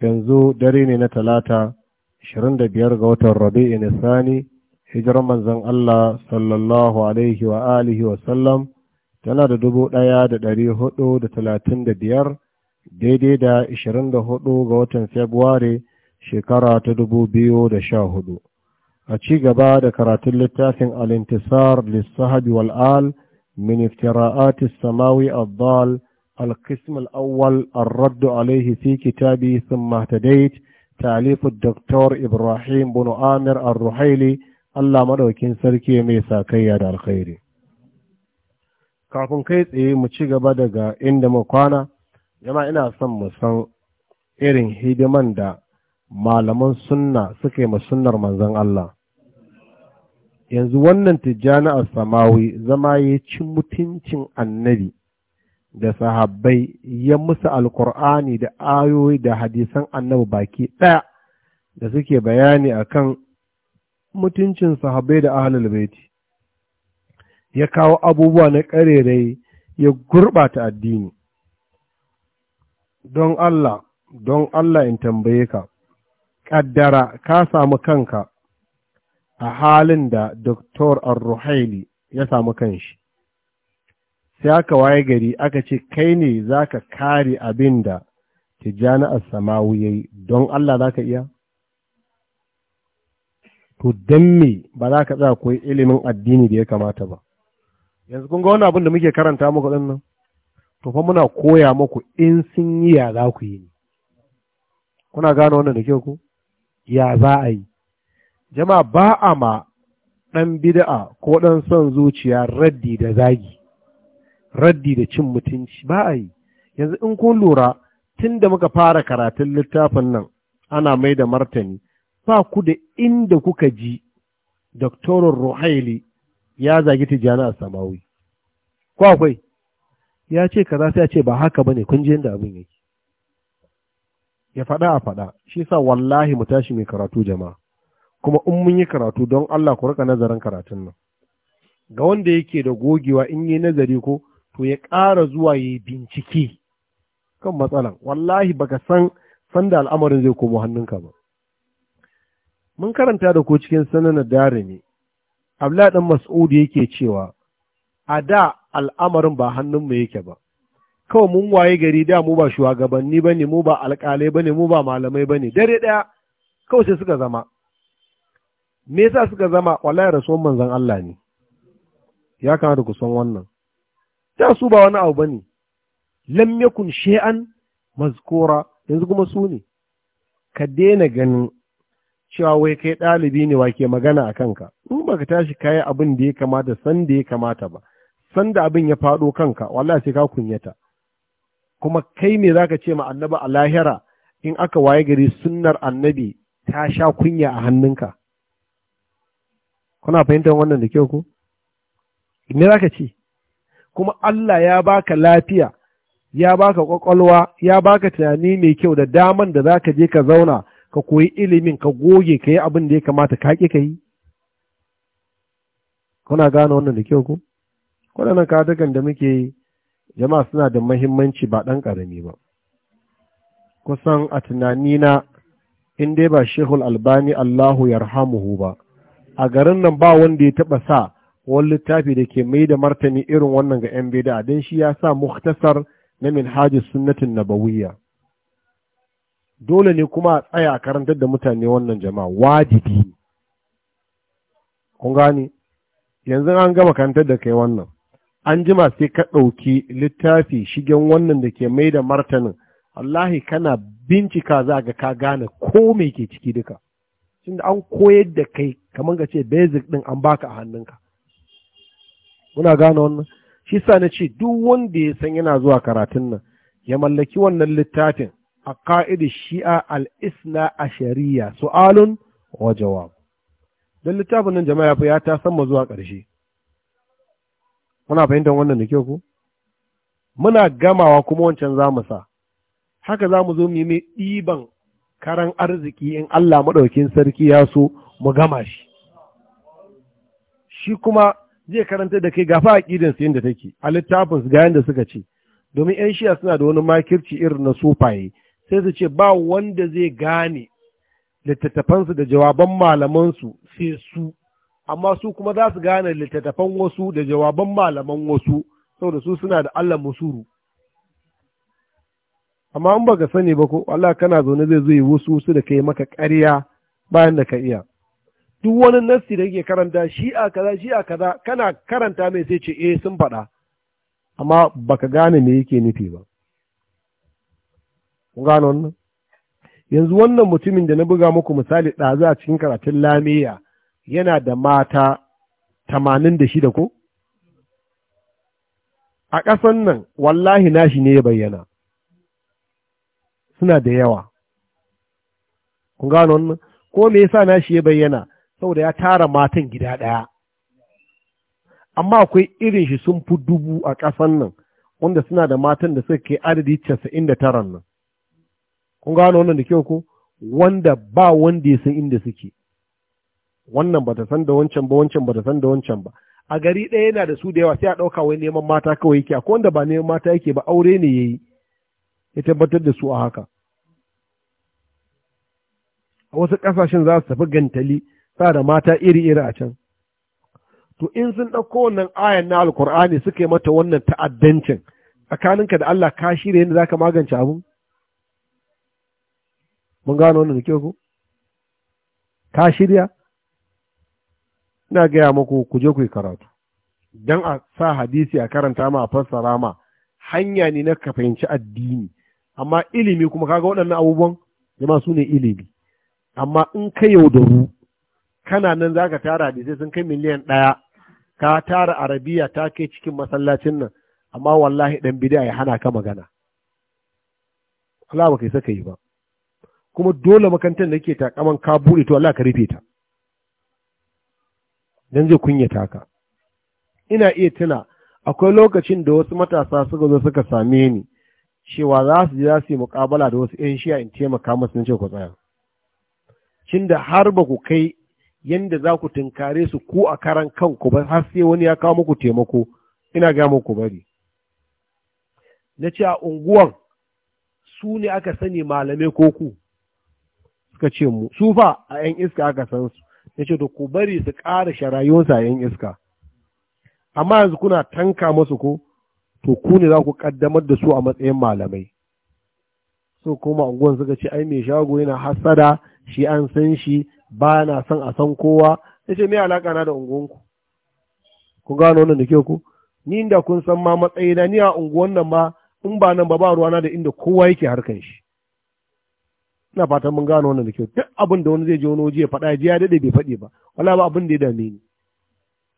yanzu dare ne na talata 25 ga watan rabi'i sani hijirar manzon Allah sallallahu alaihi wa alihi wa sallam tana da dubu ɗaya da ɗari hudu da talatin da biyar daidai da ishirin da hudu ga watan februari shekara ta dubu biyu da sha hudu a ci gaba da karatun littafin alintisar lissahabi wal'al min iftira'ati samawi abdal القسم الأول الرد عليه في كتابي ثم اهتديت تعليف الدكتور إبراهيم بن آمر الرحيلي الله مدوكين سركي ميسا كياد الخير kafin kai tsaye mu ci gaba daga inda mu kwana jama ina son mu san irin hidiman da malaman sunna suka yi sunnar manzon Allah yanzu wannan tijjani a samawi zama ya ci mutuncin annabi da sahabbai ya musu alkur'ani da ayoyi da hadisan annabi baki ɗaya da suke bayani akan mutuncin sahabbai da ahalul baiti ya kawo abubuwa na ƙarerai ya gurɓata addini don Allah don Allah in tambaye ka ƙaddara ka samu kanka a halin da ar-ruhaili ya samu kanshi sai aka waye gari aka ce kai ne za ka kare abin da tijjani samawu ya yi don Allah za ka iya? To don me ba za ka tsaya koyi ilimin addini da ya kamata ba. Yanzu kun ga wani abin da muke karanta muku ɗin nan? To fa muna koya muku in sun yi ya za ku yi ne. Kuna gane wannan da kyau ku? Ya za a yi. Jama'a ba a ma ɗan bida'a ko ɗan son zuciya raddi da zagi. raddi da cin mutunci ba a yi yanzu in kun lura tun da muka fara karatun littafin nan ana mai da martani ba ku da inda kuka ji doktorin ruhaili ya zagi tijjani a samawi ko akwai ya ce kaza sai ya ce ba haka bane kun ji yadda abin yake ya faɗa a faɗa shi sa wallahi mu tashi mai karatu jama'a kuma in mun yi karatu don Allah ku rika nazarin karatun nan ga wanda yake da gogewa in yi nazari ko to ya ƙara zuwa ya yi bincike kan matsalan wallahi baka san sanda al'amarin zai komo hannunka ba mun karanta da ko cikin sananar dare ne abdullahi dan mas'ud yake cewa a da al'amarin ba hannun hannunmu yake ba kawai mun waye gari da mu ba shugabanni ba ne, mu ba alƙalai ne, mu ba malamai ba ne, dare ɗaya kawai sai suka zama me yasa suka zama wallahi rasuwan manzon Allah ne ya kamata ku san wannan da su ba wani abu bane lam yakun shay'an mazkura yanzu kuma su ne ka daina ganin cewa wai kai ɗalibi ne wa ke magana a kanka in baka tashi kayi abin da ya kamata sanda ya kamata ba Sanda abin ya faɗo kanka wallahi sai ka kunyata kuma kai me zaka ce ma annabi a lahira in aka waye gari sunnar annabi ta sha kunya a hannunka kuna fahimtar wannan da kyau ko me zaka ce kuma Allah ya baka lafiya ya baka kwakwalwa ya baka tunani mai kyau da daman da zaka je ka zauna ka koyi ilimin ka goge ka yi abin da ya kamata ka ƙi ka yi kuna gane wannan da kyau ku waɗannan katakan da muke yi jama'a suna da mahimmanci ba ɗan ƙarami ba kusan a tunani na in dai ba shehul albani allahu yarhamuhu ba a garin nan ba wanda ya taɓa sa wani littafi da ke mai da martani irin wannan ga 'yan bida don shi ya sa muktasar na minhajis na bawiyya. dole ne kuma a tsaya a karantar da mutane wannan jama'a wajibi kun gani yanzu an gama karantar da kai wannan an jima sai ka ɗauki littafi shigen wannan da ke mai da martanin Allahi kana bincika za ga ka gane ko mai ke ciki duka. Tunda an koyar da kai kamar ka ce basic din an baka a hannunka. muna gane wannan shi sa na ce duk wanda ya san yana zuwa karatun nan ya mallaki wannan littafin a ka'idar shi'a al'isna a shari'a su'alun wa jawab don littafin nan jama'a ya ta sama zuwa ƙarshe muna fahimtar wannan da kyau ko muna gamawa kuma wancan za mu sa haka za mu zo mu yi ɗiban karan arziki in Allah maɗaukin sarki ya so mu gama shi shi kuma zai karanta da kai gafa aqidan su yanda take a littafin su ga yanda suka ce domin yan shiya suna da wani makirci irin na sufaye sai su ce ba wanda zai gane littattafansu da jawaban malamansu sai su amma su kuma za su gane littattafan wasu da jawaban malaman wasu saboda su suna da Allah musuru amma in baka sani ba ko Allah kana zaune zai zo yi wasu su da kai maka ƙarya bayan da ka iya duk wani nassi da yake karanta shi a kaza shi a kaza kana karanta mai sai ce eh sun faɗa amma baka gane me yake nufi ba kun gane wannan yanzu wannan mutumin da na buga muku misali ɗazu a cikin karatun lamiya yana da mata tamanin da shida ko a ƙasan nan wallahi nashi ne ya bayyana suna da yawa kun gano wannan ko me yasa nashi ya bayyana saboda ya tara matan gida ɗaya amma akwai irin shi sun fi dubu a ƙasan nan wanda suna da matan da suka kai adadi casa'in da taran nan kun gano wannan da kyau ko wanda ba wanda ya san inda suke wannan ba ta san da wancan ba wancan ba ta san da wancan ba a gari ɗaya yana da su da yawa sai a ɗauka wai neman mata kawai yake akwai wanda ba neman mata yake ba aure ne yayi ya tabbatar da su a haka a wasu ƙasashen za su tafi gantali sa da mata iri-iri a can to in sun ɗauko wannan ayan na Alƙur'ani suka yi mata wannan ta'addancin tsakaninka da Allah ka shirya yadda za ka magance abu mun gano wannan kyau ku ka shirya ina gaya maku ku je ku yi karatu Don a sa hadisi a karanta ma a fassara ma hanya ne na ka fahimci addini amma ilimi kuma kaga waɗannan abubuwan jama'a su ne ilimi amma in ka yaudaru kana nan za ka tara hadisai sun kai miliyan ɗaya ka tara arabiya ta kai cikin masallacin nan amma wallahi ɗan bida ya hana ka magana Allah ba kai saka yi ba kuma dole makantar da ke takaman ka buɗe to Allah ka rufe ta dan zai kunyata ka ina iya tuna akwai lokacin da wasu matasa suka zo suka same ni cewa za su je za su yi muƙabala da wasu 'yan shiya in taimaka masu nan ce ku tsaya cin da har ba ku kai yanda za ku tunkare su ku a karan kanku ba har sai wani ya kawo muku taimako ina ga muku bari na ce a unguwan su ne aka sani malamai ko ku suka ce mu su fa a yan iska aka san su na ce to ku bari su ƙara sharayunsa a yan iska amma yanzu kuna tanka masu ko to ku ne za ku ƙaddamar da su a matsayin malamai so kuma unguwan suka ce ai mai shago yana hasada shi an san shi ba na son a san kowa ya ce mai alaƙa na da unguwanku ku gano wannan da ke ku ni da kun san ma matsayina ni a unguwan nan ma in ba nan ba ba ruwa na da inda kowa yake harkan shi ina fatan mun gano wannan da kyau duk abin da wani zai je wani waje ya faɗa ya daɗe bai faɗi ba wala ba abin da ya dame ni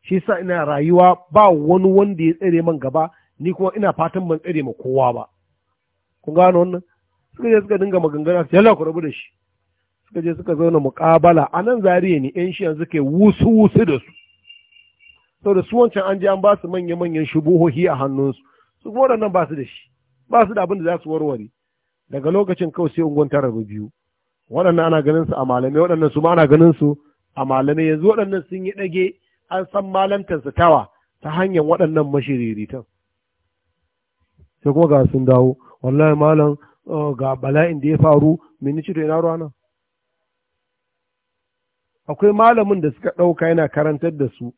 shi sa ina rayuwa ba wani wanda ya tsere man gaba ni kuma ina fatan ban tsere ma kowa ba kun gano wannan suka je suka dinga maganganu yalla ku rabu da shi suka je suka zauna muƙabala a nan zariya ne yan shi yanzu ke wusu wusu da su sau da su wancan an je an ba su manya manyan shubuhohi a hannunsu su kuma waɗannan ba su da shi ba su da abin da za su warware daga lokacin kawai sai unguwan tara biyu waɗannan ana ganin su a malamai waɗannan su ma ana ganin su a malamai yanzu waɗannan sun yi ɗage an san malantarsa tawa ta hanyar waɗannan mashiriritan sai kuma ga sun dawo wallahi malam oh, ga bala'in da ya faru mini ci to ina ruwa nan akwai malamin da suka ɗauka yana karantar da su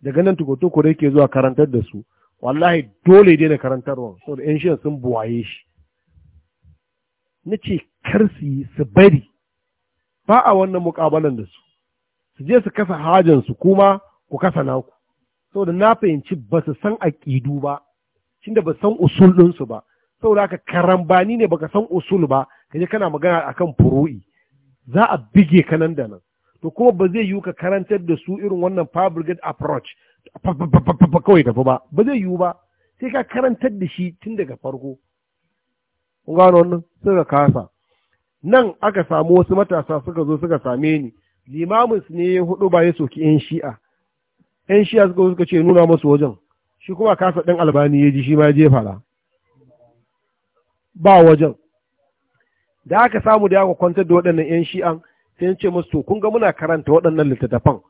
daga nan tukotuko da yake zuwa karantar da su wallahi dole dai na karantarwa saboda yan shi sun buwaye shi na ce kar su yi su bari ba a wannan mukabalan da su su je su kasa hajansu kuma ku kasa naku saboda na fahimci ba su san aƙidu ba tunda ba san usul ɗinsu ba saboda haka karambani ne baka san usul ba kaje kana magana akan furu'i za a bige kanan da nan to kuma ba zai yiwu ka karantar da su irin wannan fabricate approach kawai tafi ba ba zai yiwu ba sai ka karantar da shi tun daga farko kun gano wannan suka kasa nan aka samu wasu matasa suka zo suka same ni limamin su ne hudu ba ya soki yan shi'a yan shi'a suka suka ce nuna masu wajen shi kuma kasa ɗan albani ya ji shi ma je fara ba wajen da aka samu da ya kwantar da waɗannan yan shi'an sai ce musu to kun ga muna karanta waɗannan littattafan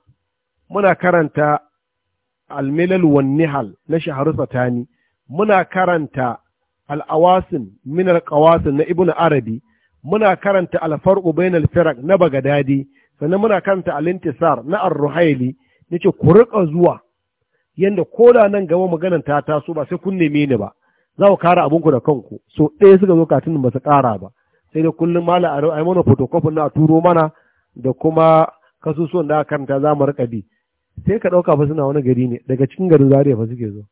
muna karanta almilal wan nihal na shaharu satani muna karanta al'awasin min alƙawasin na ibnu arabi muna karanta alfarqu bainal firak na bagadadi sannan muna karanta alintisar na ar-ruhaili nace ku riƙa zuwa yanda koda nan gaba maganar ta taso ba sai kun neme ni ba za ku kara abunku da kanku so ɗaya suka zo katin ba su ƙara ba sai da kullum malam a rai mana fotokofin na turo mana da kuma kasusuwan da aka karanta zamar mu sai ka dauka fa suna wani gari ne daga cikin garin Zariya fa suke zo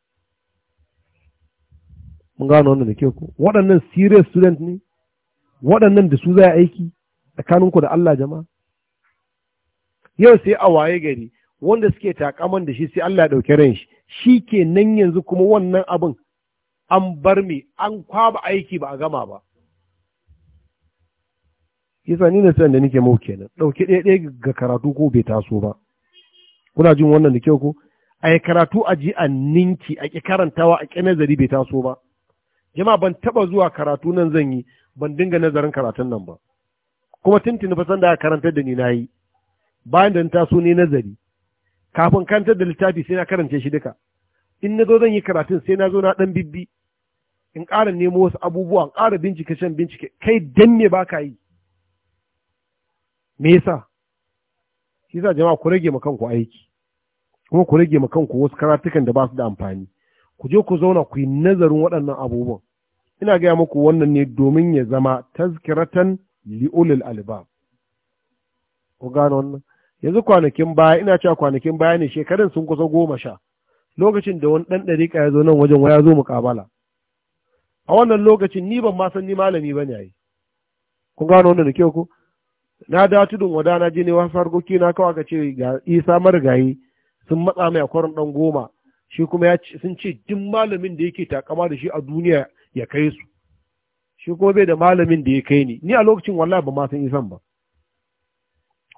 mun gano wannan da ke ku waɗannan serious student ne waɗannan da su za a aiki tsakaninku da Allah jama'a yau sai a waye gari wanda suke takaman da shi sai Allah ya ɗauki ran shi shi ke nan yanzu kuma wannan abin an bar me an kwaba aiki ba a gama ba Kisa ni na san da nake mau kenan ɗauki ɗaya ɗaya ga karatu ko bai taso ba kuna jin wannan da kyau ko a karatu a ji a ninki a ki karantawa a ki nazari bai taso ba jama'a ban taba zuwa karatu nan zan yi ban dinga nazarin karatun nan ba kuma tuntuni fa sanda da karantar da ni na yi bayan da na taso ni nazari kafin karantar da littafi sai na karance shi duka in na zo zan yi karatun sai na zo na ɗan bibbi in ƙara nemo wasu abubuwa in ƙara bincike shan bincike kai dan me baka yi me yasa shi yasa jama'a ku rage ma kanku aiki kuma ku rage ma kanku wasu karatukan da ba su da amfani ku je ku zauna ku yi nazarin waɗannan abubuwan ina gaya muku wannan ne domin ya zama tazkiratan li'ulil albab ku gano wannan yanzu kwanakin baya ina cewa kwanakin baya ne shekarun sun kusa goma sha lokacin da wani ɗan ɗariƙa ya zo nan wajen waya zo muƙabala a wannan lokacin ni ban ma san ni malami ba ne a yi Ku gano wannan da kyau ku na da tudun wada na je ne wasu harkoki na kawai ka ce ga isa marigayi sun matsa mai akwarin dan goma shi kuma ya sun ce duk malamin da yake takama da shi a duniya ya kai su shi kuma bai da malamin da ya kai ni ni a lokacin wallahi ba ma san isan ba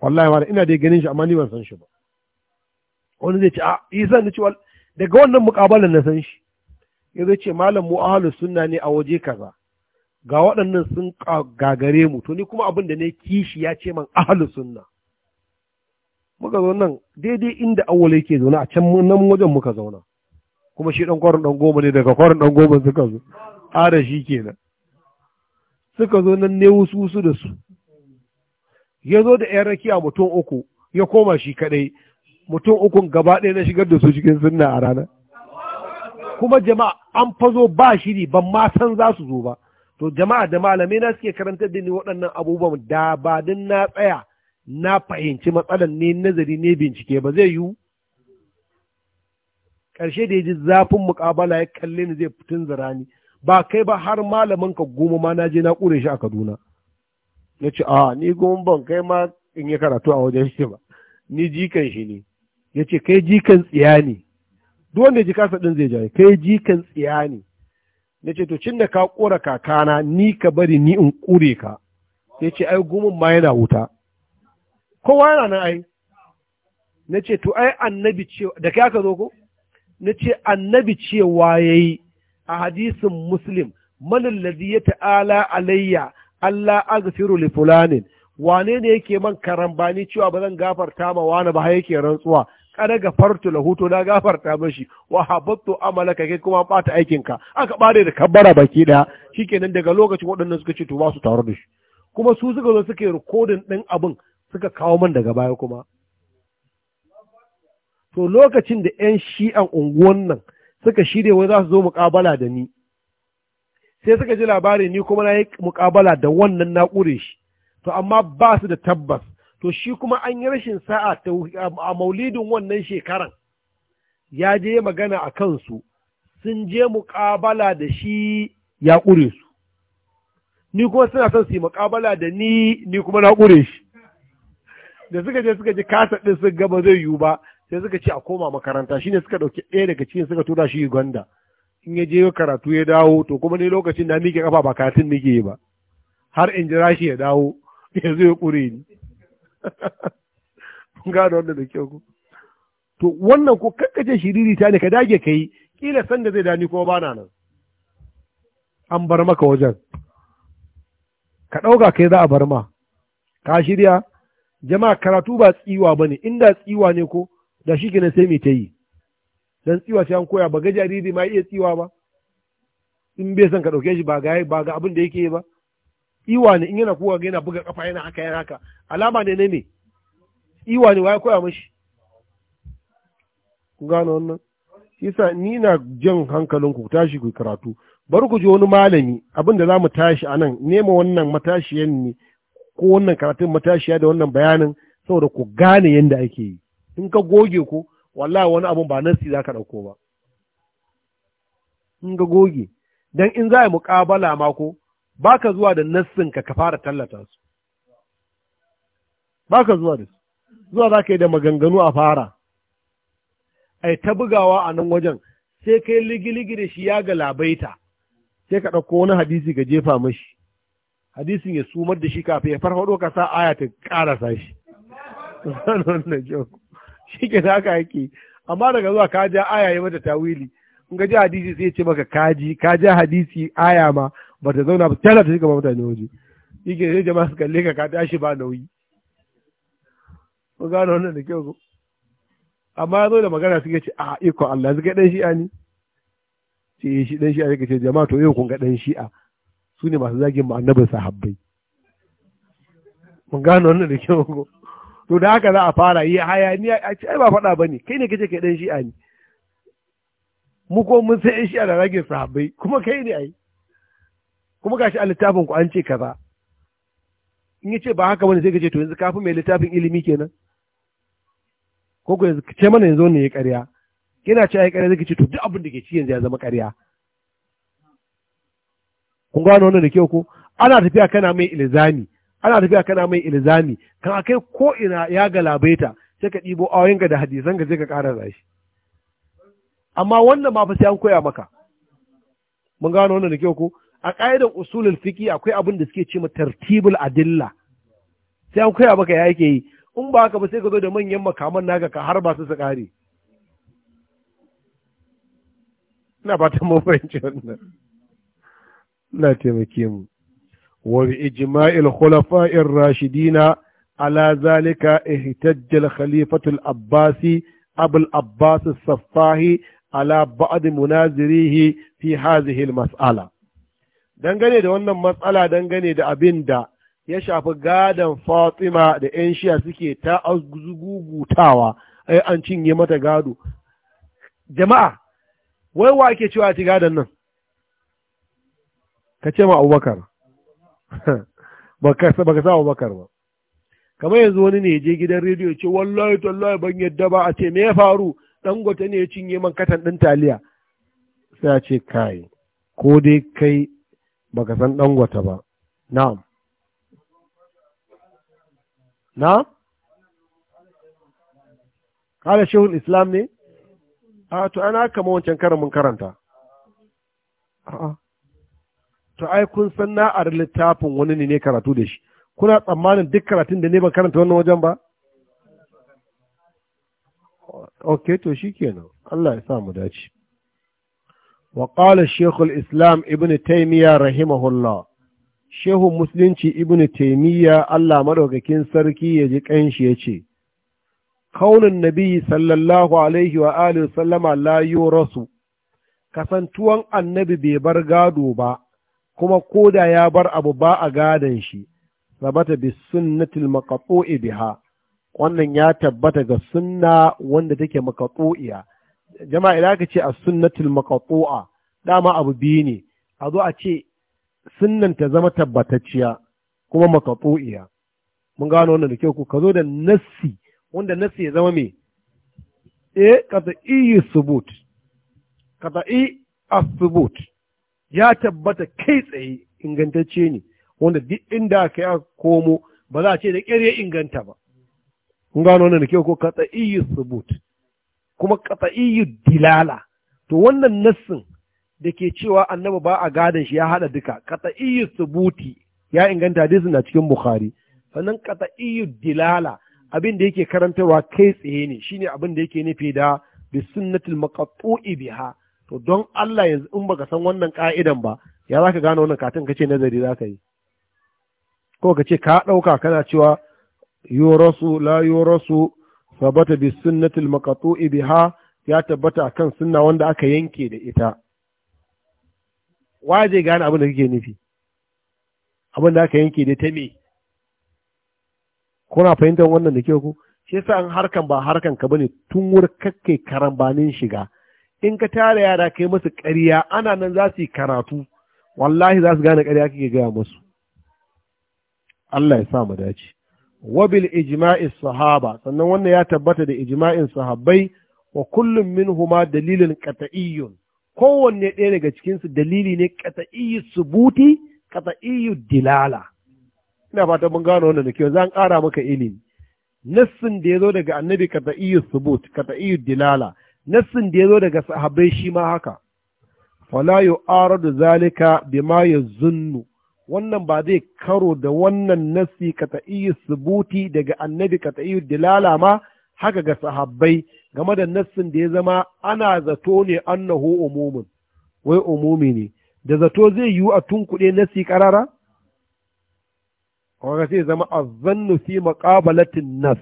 wallahi wani ina da ganin shi amma ni ban san shi ba wani zai ce a ah, isan ne ce daga wannan mukabalan na san shi ya zai ce malam mu ahlus sunna ne a waje kaza ga waɗannan sun gagare mu to ni kuma abin da ne kishi ya ce man Ahalu sunna muka zo nan daidai inda awwal yake zaune a can nan wajen muka zauna kuma shi dan kwarin dan goma ne daga kwarin dan goma suka zo ara shi kenan suka zo nan ne wasu su da su ya zo da yan rakiya mutum uku ya koma shi kadai mutum ukun gaba ɗaya na shigar da su cikin sunna a rana kuma jama'a an fazo ba shiri ban ma san za su zo ba to jama'a da malamai na suke karantar da ni waɗannan abubuwan da ba din na tsaya na fahimci matsalar ne nazari ne bincike ba zai yiwu ƙarshe da ya ji zafin muƙabala ya kalle ni zai fitin ni. ba kai ba har malamin ka goma ma na je na ƙure shi a Kaduna na ce a ah, ni goma ban kai ma in yi karatu a wajen shi ba ni jikan shi ne ya ce kai jikan tsiya ne duk wanda ya ji kasa ɗin zai jaye kai jikan tsiya ne na ce to cin da ka kora kakana ni ka bari ni in ƙure ka ya ce ai gumin ma yana wuta kowa yana nan ai na ce to ai annabi cewa da kai aka zo ko na ce annabi cewa ya yi a hadisin muslim manin ya ta'ala alayya Allah azfiru li fulanin wane ne yake man karambani cewa ba zan gafarta ma wani ba yake rantsuwa kada gafartu huto to na gafarta mashi wa habattu amalaka kai kuma bata aikin ka aka bare da kabbara baki daya shikenan daga lokacin waɗannan suka ce to ba su taro da shi kuma su suka zo suka recording rikodin ɗin abin suka kawo man daga baya kuma to lokacin da 'yan shi'an unguwan nan suka shirya wai za su zo muƙabala da ni sai suka ji labari ni kuma na yi muƙabala da wannan na shi to amma ba su da tabbas to shi kuma an yi rashin sa'a ta a maulidin wannan shekaran ya je magana a kansu sun je muƙabala da shi ya ƙure su ni kuma suna son su yi muƙabala da ni ni kuma na ƙure shi da suka je suka ji kasa ɗin sun gaba zai yiwu ba sai suka ce a koma makaranta ne suka ɗauki ɗaya daga cikin suka tura shi Uganda in ya je karatu ya dawo to kuma ni lokacin na miƙe ƙafa ba karatun nake ba har in jira shi ya dawo yanzu ya ƙure ni gano wanda da kyau to wannan ko kakkace shiriri ta ne ka dage ka yi kila sanda zai dani ko bana nan an bar maka wajen ka ɗauka kai za a bar ma ka shirya jama'a karatu ba tsiwa ba ne inda tsiwa ne ko da shi kenan sai mai ta yi dan tsiwa sai an koya ba ga jariri ma iya tsiwa ba in bai san ka ɗauke shi ba ga ba ga abin da yake ba iwa ne in yana kowa yana buga kafa yana haka yana haka alama ne ne ne iwa ne waya koya mashi gano wannan yasa ni na jan hankalin ku tashi ku karatu bari ku ji wani malami abin da mu tashi anan nema wannan matashiyan ne ko wannan karatun matashiya da wannan bayanin saboda ku gane yadda ake yi in ka goge ku wallahi wani abun ba nasi za ka ɗauko ba in ka goge dan in za a yi muƙabala ma ko ba ka zuwa da nassinka ka fara tallata su ba ka zuwa da su zuwa za ka yi da maganganu a fara ai ta bugawa a nan wajen sai kai ligiligi da shi ya ga Labaita. sai ka ɗauko wani hadisi ka jefa mashi hadisin ya sumar da shi kafin ya farfaɗo ka sa aya ta ƙarasa shi shi ke haka yake amma daga zuwa ka ja aya ya mata tawili in ka ji hadisi sai ce maka kaji ka ja hadisi aya ma ba ta zauna ba tana ta shiga mutane waje yake sai jama'a su kalle ka ka tashi ba nauyi mun gano wannan da kyau ko amma ya zo da magana suke ce a ah, iko Allah suka dan shi'a ne ce shi dan shi'a yake ce jama'a to yau kun ga dan shi'a su ne masu zagin mu annabin sahabbai mun gano wannan da kyau ko to da haka za a fara yi ni a ce ai ba faɗa bane kai ne kace kai dan shi'a ne mu ko mun sai shi'a da ragin sahabbai kuma kai ne ai kuma gashi a littafin ku an ce kaza in ya ce ba haka bane sai kace to yanzu kafin mai littafin ilimi kenan ko ku yanzu ce mana yanzu ne ya ƙarya kina ce ai ƙarya zai ce to duk abin da ke ci yanzu ya zama ƙarya kun gano wannan da kyau ko ana tafiya kana mai ilzami ana tafiya kana mai ilzami kan akai ko ina ya galabaita sai ka ɗibo ayoyinka da hadisanka sai ka ƙara shi amma wannan ma fa sai an koya maka mun gano wannan da kyau ko a ƙa'idar usulul fiqi akwai abin da suke ce ma tartibul adilla sai an koya maka ya yake yi in ba haka ba sai ka zo da manyan makaman naka ka har ba su su ƙare ina ba ta mun fahimci wannan ina taimake mu wa bi ijma'il khulafa'ir rashidina ala zalika ihtajjal Khalifatul abbasi abul abbas as-saffahi ala ba'd munazirihi fi hadhihi al mas'ala dangane da wannan matsala dangane da abin da ya shafi gadon fatima da 'yan shiya suke ta gugutawa ai an cinye mata gado jama'a wai wa ake cewa ci gadon nan ka ce ma abubakar Ba ka sa abubakar ba kamar yanzu wani ne je gidan rediyo ce wallahi tallahi ban yadda ba a ce me ya faru ɗan gwata ne ya cinye man katan ɗin taliya sai a ce kai ko dai kai baka san dangwata ba na'am na'am kala shehun islam ne a to ana kama wancan karin mun karanta a'a to ai kun san na littafin wani ne ne karatu da shi kuna tsammanin duk karatun da ne ba karanta wannan wajen ba ok to shi kenan Allah ya sa mu dace وقال الشيخ islam ابن تيمية رحمه الله شيخ مسلمci ابن تيمية Allah maɗaukakin sarki ya ji kanshi yace kaulin nabi sallallahu alaihi wa alihi sallama la yurasu kasantuwan annabi bai bar gado ba kuma koda ya bar abu ba a gadon shi sabata bis sunnatil maqtu'i biha wannan ya tabbata ga sunna wanda take maqtu'iya jama'a idan aka ce a sunnatul maqtu'a dama abu biyu ne a zo a ce sunnan ta zama tabbatacciya kuma maqtu'iya mun gano wannan da kyau ku ka zo da nassi wanda nassi ya zama me eh i subut qat'i i asbut ya tabbata kai tsaye ingantacce ne wanda duk inda ka ya komo ba za a ce da ƙyar ya inganta ba kun gano wannan da kyau ko i subut kuma qat'iyyu dilala to wannan nassin da ke cewa annabi ba a gadon shi ya haɗa duka qat'iyyu subuti ya inganta hadisin na cikin bukhari sannan qat'iyyu dilala abin da yake karantarwa kai tsaye ne shine abin da yake nufi da bi sunnatul maqtu'i biha to don Allah yanzu in baka san wannan ka'idan ba ya zaka gane wannan katin kace nazari zaka yi ko ka ce ka dauka kana cewa rasu la rasu. sabata bi sunnatul maqtu'i biha ya tabbata akan sunna wanda aka yanke da ita waje gane abin da kake nufi abin da aka yanke da ta me kuna fahimtar wannan da ke ku shi yasa an harkan ba harkan ka bane tun wuri kakkai karambanin shiga in ka tara yara kai masa ƙarya ana nan za su yi karatu wallahi za su gane ƙarya kake gaya masu Allah ya sa mu dace wabil ijma'i sahaba sannan wannan ya tabbata da ijma'in sahabbai wa kullum minhuma dalilin qat'iyyun kowanne ɗaya daga cikin su dalili ne qat'iyyu subuti qat'iyyu dilala ina fata mun gano wannan zan ƙara maka ilimi nassin da ya zo daga annabi qat'iyyu subut qat'iyyu dilala nassin da ya zo daga sahabbai shi ma haka fala yu'aradu zalika bima yazunnu wannan ba zai karo da wannan nasi ka iya subuti daga annabi ka iya dilala ma haka ga sahabbai game da nassin da ya zama ana zato ne annahu umumin wai umumi ne da zato zai yiwu a tunkuɗe nasi karara kaga sai zama azzannu fi maqabalatin nas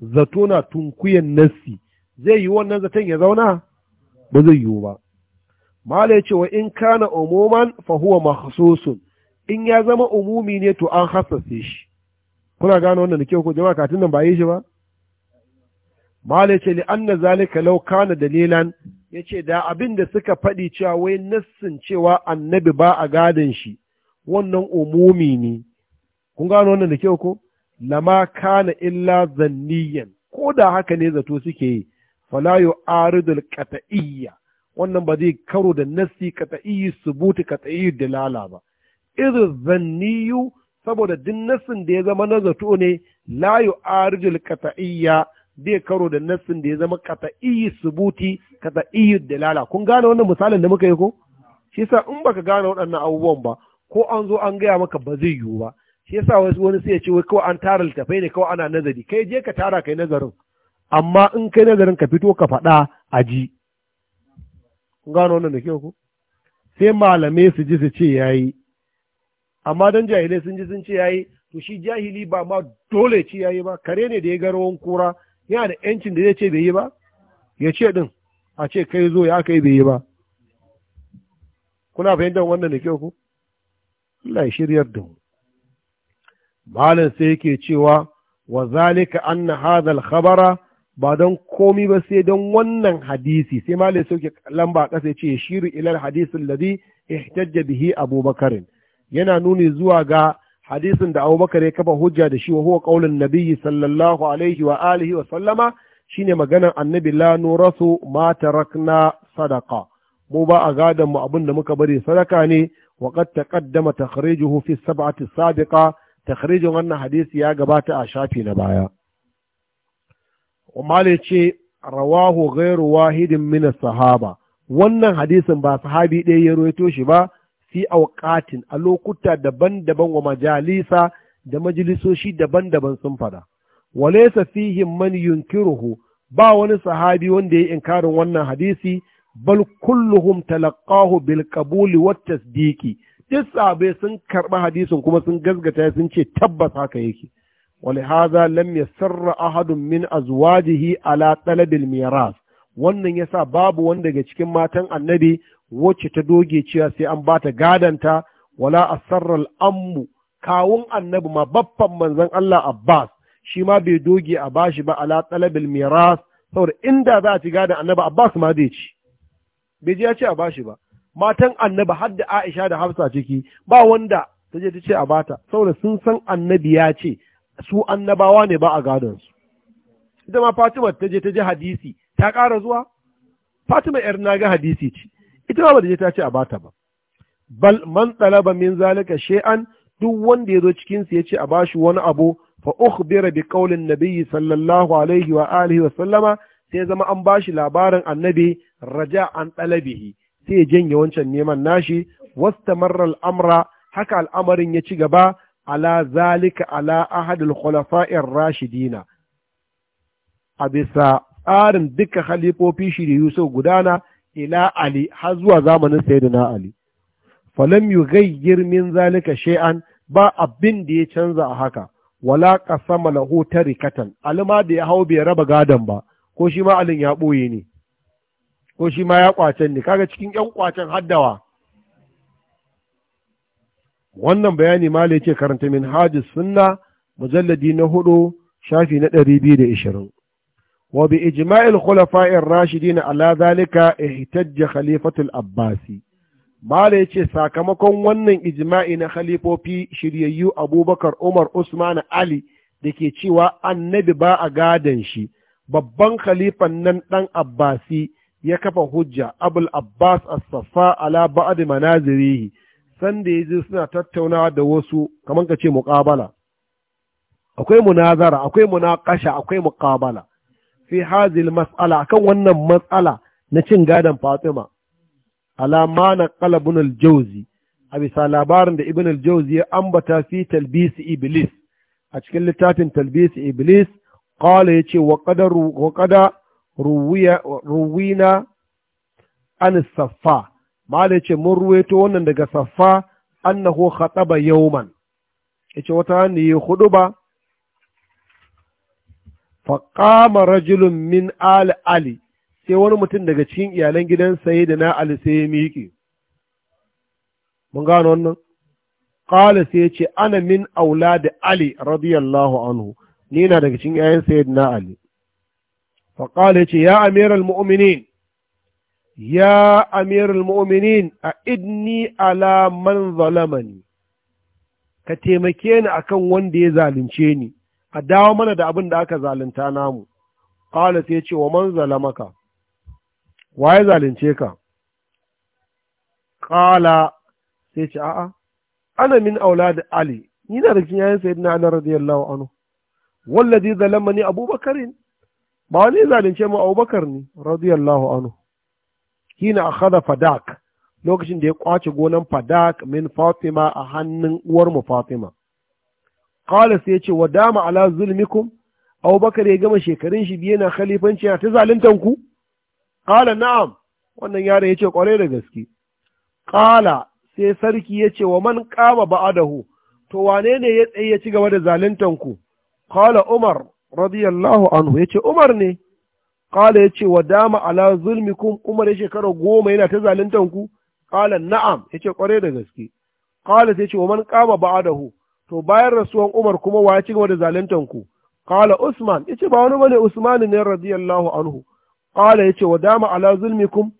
zato na tunkuyen nassi zai yi wannan zaton ya zauna ba zai yiwu ba mala ya ce wa in kana umuman fa huwa mahsusun in ya zama umumi ne to an hassase shi kuna gano wannan da kyau ko jama'a katin nan ba yi shi ba mala ce li anna zalika law kana dalilan yace da abin da suka faɗi cewa wai nassin cewa annabi ba a gadon shi wannan umumi ne kun gano wannan da kyau ko lama kana illa zanniyan ko da haka ne zato suke yi fala yu'aridul qat'iyya wannan ba zai karo da nassi qat'iyyi subuti qat'iyyi dalala ba irin zanniyu saboda duk nassin da ya zama na zato ne la arjul kata'iyya, bai karo da nassin da ya zama kata'iyyi, subuti qat'iyyi dalala kun gane wannan misalin da muka yi ko shi yasa in baka gane waɗannan abubuwan ba ko an zo an gaya maka ba zai yiwu ba shi yasa wasu wani sai ya ce wai kawai an tara littafai ne kawai ana nazari kai je ka tara kai nazarin amma in kai nazarin ka fito ka faɗa a ji kun gane wannan da kyau ko sai malamai su ji su ce yayi amma don jahilai sun ji sun ce yayi to shi jahili ba ma dole ce yayi ba kare ne da ya ga rawan kura yana da yancin da zai ce bai yi ba ya ce din a ce kai zo ya kai bai yi ba kuna fahimtar wannan da kyau ku Allah ya shiryar da mu malam sai yake cewa wa zalika anna hadhal khabara ba don komi ba sai don wannan hadisi sai malam sai sauke lamba ƙasa ce shiru ilal hadisin ladhi ihtajja bihi abubakarin yana nuni zuwa ga hadisin da abubakar ya kafa hujja da shi wa huwa qaulun nabiyyi sallallahu alaihi wa alihi wa sallama shine maganar annabi la nurasu ma tarakna sadaqa mu ba a gadan mu abin da muka bari sadaka ne wa qad taqaddama takhrijuhu fi sab'ati sabiqa takhrijin wannan hadisi ya gabata a shafi na baya Umar ce rawahu ghairu wahidin min sahaba wannan hadisin ba sahabi ɗaya ya ruwaito shi ba fi auqatin a lokuta daban-daban wa majalisa da majalisoshi daban-daban sun fada walaysa fihi man yunkiruhu ba wani sahabi wanda ya inkarin wannan hadisi bal kulluhum talaqahu bil qabul wat tasdiqi duk sabai sun karba hadisin kuma sun gazgata sun ce tabbas haka yake hadha lam yasarra ahadun min azwajihi ala talabil miras wannan yasa babu wani daga cikin matan annabi wacce ta doge cewa sai an bata gadanta wala asarral ammu kawun annabi ma baffan manzon Allah Abbas shi ma bai doge a bashi ba ala talabil miras saboda inda za a ci gadan annabi Abbas ma zai ci bai je ya ce a bashi ba matan annabi har da Aisha da Hafsa ciki ba wanda ta je ta ce a bata saboda sun san annabi ya ce su annabawa ne ba a gadon su ita ma Fatima ta je ta ji hadisi ta ƙara zuwa Fatima yar na ga hadisi ce ita ba da je ta ce a bata ba bal man talaba min zalika shay'an duk wanda ya zo cikin su yace a bashi wani abu fa ukhbira bi qaulin nabiyyi sallallahu alaihi wa alihi wa sallama sai zama an bashi labarin annabi raja an talabihi sai janye wancan neman nashi wastamarra al'amra haka al'amarin ya ci gaba ala zalika ala ahadul khulafa'ir rashidina a bisa tsarin duka khalifofi shi da gudana ila ali har zuwa zamanin sayyidina ali falam yughayyir min zalika shay'an ba abin da ya canza a haka wala qasama lahu tarikatan alma da ya hau bai raba gadan ba ko shi ma alin ya boye ne ko shi ma ya kwacen ne kaga cikin yan kwacen haddawa wannan bayani ma ce karanta min hajis sunna mujalladi na hudu shafi na ɗari biyu da wa bi ijma'il khulafa'ir rashidin ala zalika ihtajja khalifatul abbasi mala yace sakamakon wannan ijma'i na khalifofi shiryayyu abubakar umar usman ali da ke cewa annabi ba a gadan shi babban khalifan nan ɗan abbasi ya kafa hujja abul abbas as-saffa ala ba'd manazirihi sanda yazu suna tattaunawa da wasu kamar ka ce muqabala akwai munazara akwai munaqasha akwai muqabala fi hazil mas'ala kan wannan matsala na cin gadon Fatima alama na qalbun al-jawzi a bisa labarin da ibn al ya ambata fi talbisi iblis a cikin littafin talbis iblis qala yace wa qadar wa qada ruwiya ruwina an saffa mala yace mun ruwaito wannan daga saffa annahu khataba yawman yace wata ne ba. faƙama rajulun min ali ali sai wani mutum daga cikin iyalan gidan saye da na ali sai ya miƙe mun gano wannan ƙala sai ya ce ana min aula da ali radiyallahu anhu ni na daga cikin iyayen saye na ali faƙala ya ce ya amiral mu'minin ya amiral mu'minin a idni ala man zalamani ka taimake ni akan wanda ya zalunce ni a dawo mana da abin da aka zalunta namu qala sai ce wa man zalamaka waye zalunce ka Ƙala! sai ce a'a ana min da ali ni na da cikin yayin na ali radiyallahu anhu wallazi zalamani abubakar? ba wani zalunce mu abubakar ne radiyallahu anhu hina kada fadak lokacin da ya kwace gonan fadak min fatima a hannun uwar mu fatima qala sai ya ce wa dama ala zulmikum abubakar ya gama shekarun shi biye na khalifanci na ta ku qala na'am wannan yare ya ce da gaske qala sai sarki ya ce wa man qama ba'adahu to wane ne ya tsaye ya ci gaba da zaluntan ku qala umar radiyallahu anhu yace umar ne qala ya wa dama ala zulmikum umar ya shekara goma yana ta zaluntan ku qala na'am ya ce da gaske qala sai ya ce wa man qama ba'adahu to bayan rasuwan Umar kuma wa ya ci gaba da zaluntan ku qala Usman yace ba wani bane Usman ne radiyallahu anhu qala yace wa dama ala zulmikum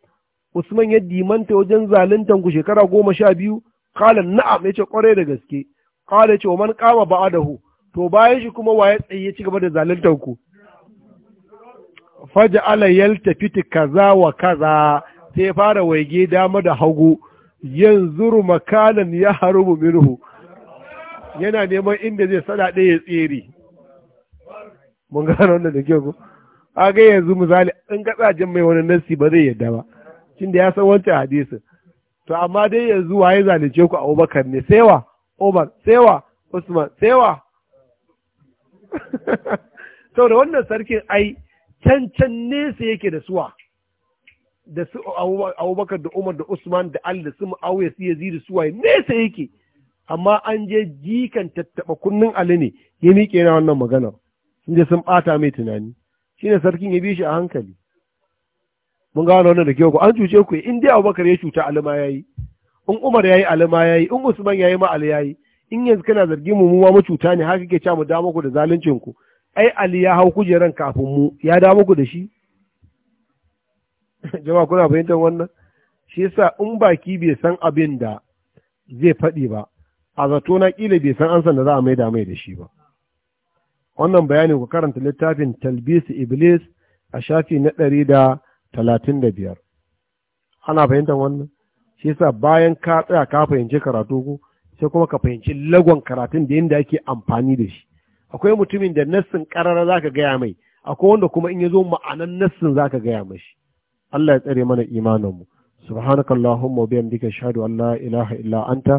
Usman ya dimanta wajen zaluntan ku shekara goma sha biyu qala na'am yace kware da gaske qala yace wa man qama ba'dahu to bayan shi kuma wa ya tsaye ya ci gaba da zaluntan ku faja yalta yaltafiti kaza wa kaza sai fara waige dama da hagu yanzuru makanan ya harubu minhu yana neman inda zai sada ɗaya tsere mun gano wannan da kyau a ga yanzu misali in katsajen mai wani nasi ba zai yadda ba cin da ya san wancan hadisin to amma dai yanzu waye zalunce ku abubakar ne sewa Umar sewa Usman To da wannan sarkin ai can can nesa yake da suwa da su abubakar da umar da usman da ali da su mu'awiya su yazi da suwaye nesa yake amma an je jikan tattaba kunnin ali ne ya miƙe na wannan maganar sun sun ɓata mai tunani Shi ne sarkin ya bi shi a hankali mun gano wannan da kyau ku an cuce ku in dai Abubakar ya cuta Ali ya yayi in Umar yayi ya yayi in Usman yayi ma ali yayi in yanzu kana zargin mu mu ma mu cuta ne haka kake cewa mu damu ku da zaluncin ku ai ali ya hau kujeran kafin mu ya damu ku da shi jama'a kuna fahimtar wannan shi yasa in baki bai san abin da zai faɗi ba a zato na kila bai san san da za a maida mai da shi ba wannan bayani ku karanta littafin talbis iblis a shafi na ɗari da talatin da biyar ana fahimtar wannan shi yasa bayan ka tsaya ka fahimci karatu ku sai kuma ka fahimci lagon karatun da yadda ake amfani da shi akwai mutumin da nassin karara za ka gaya mai akwai wanda kuma in ya zo ma'anan nassin za ka gaya mashi Allah ya tsare mana imaninmu subhanakallahumma wa bihamdika ashhadu an la ilaha illa anta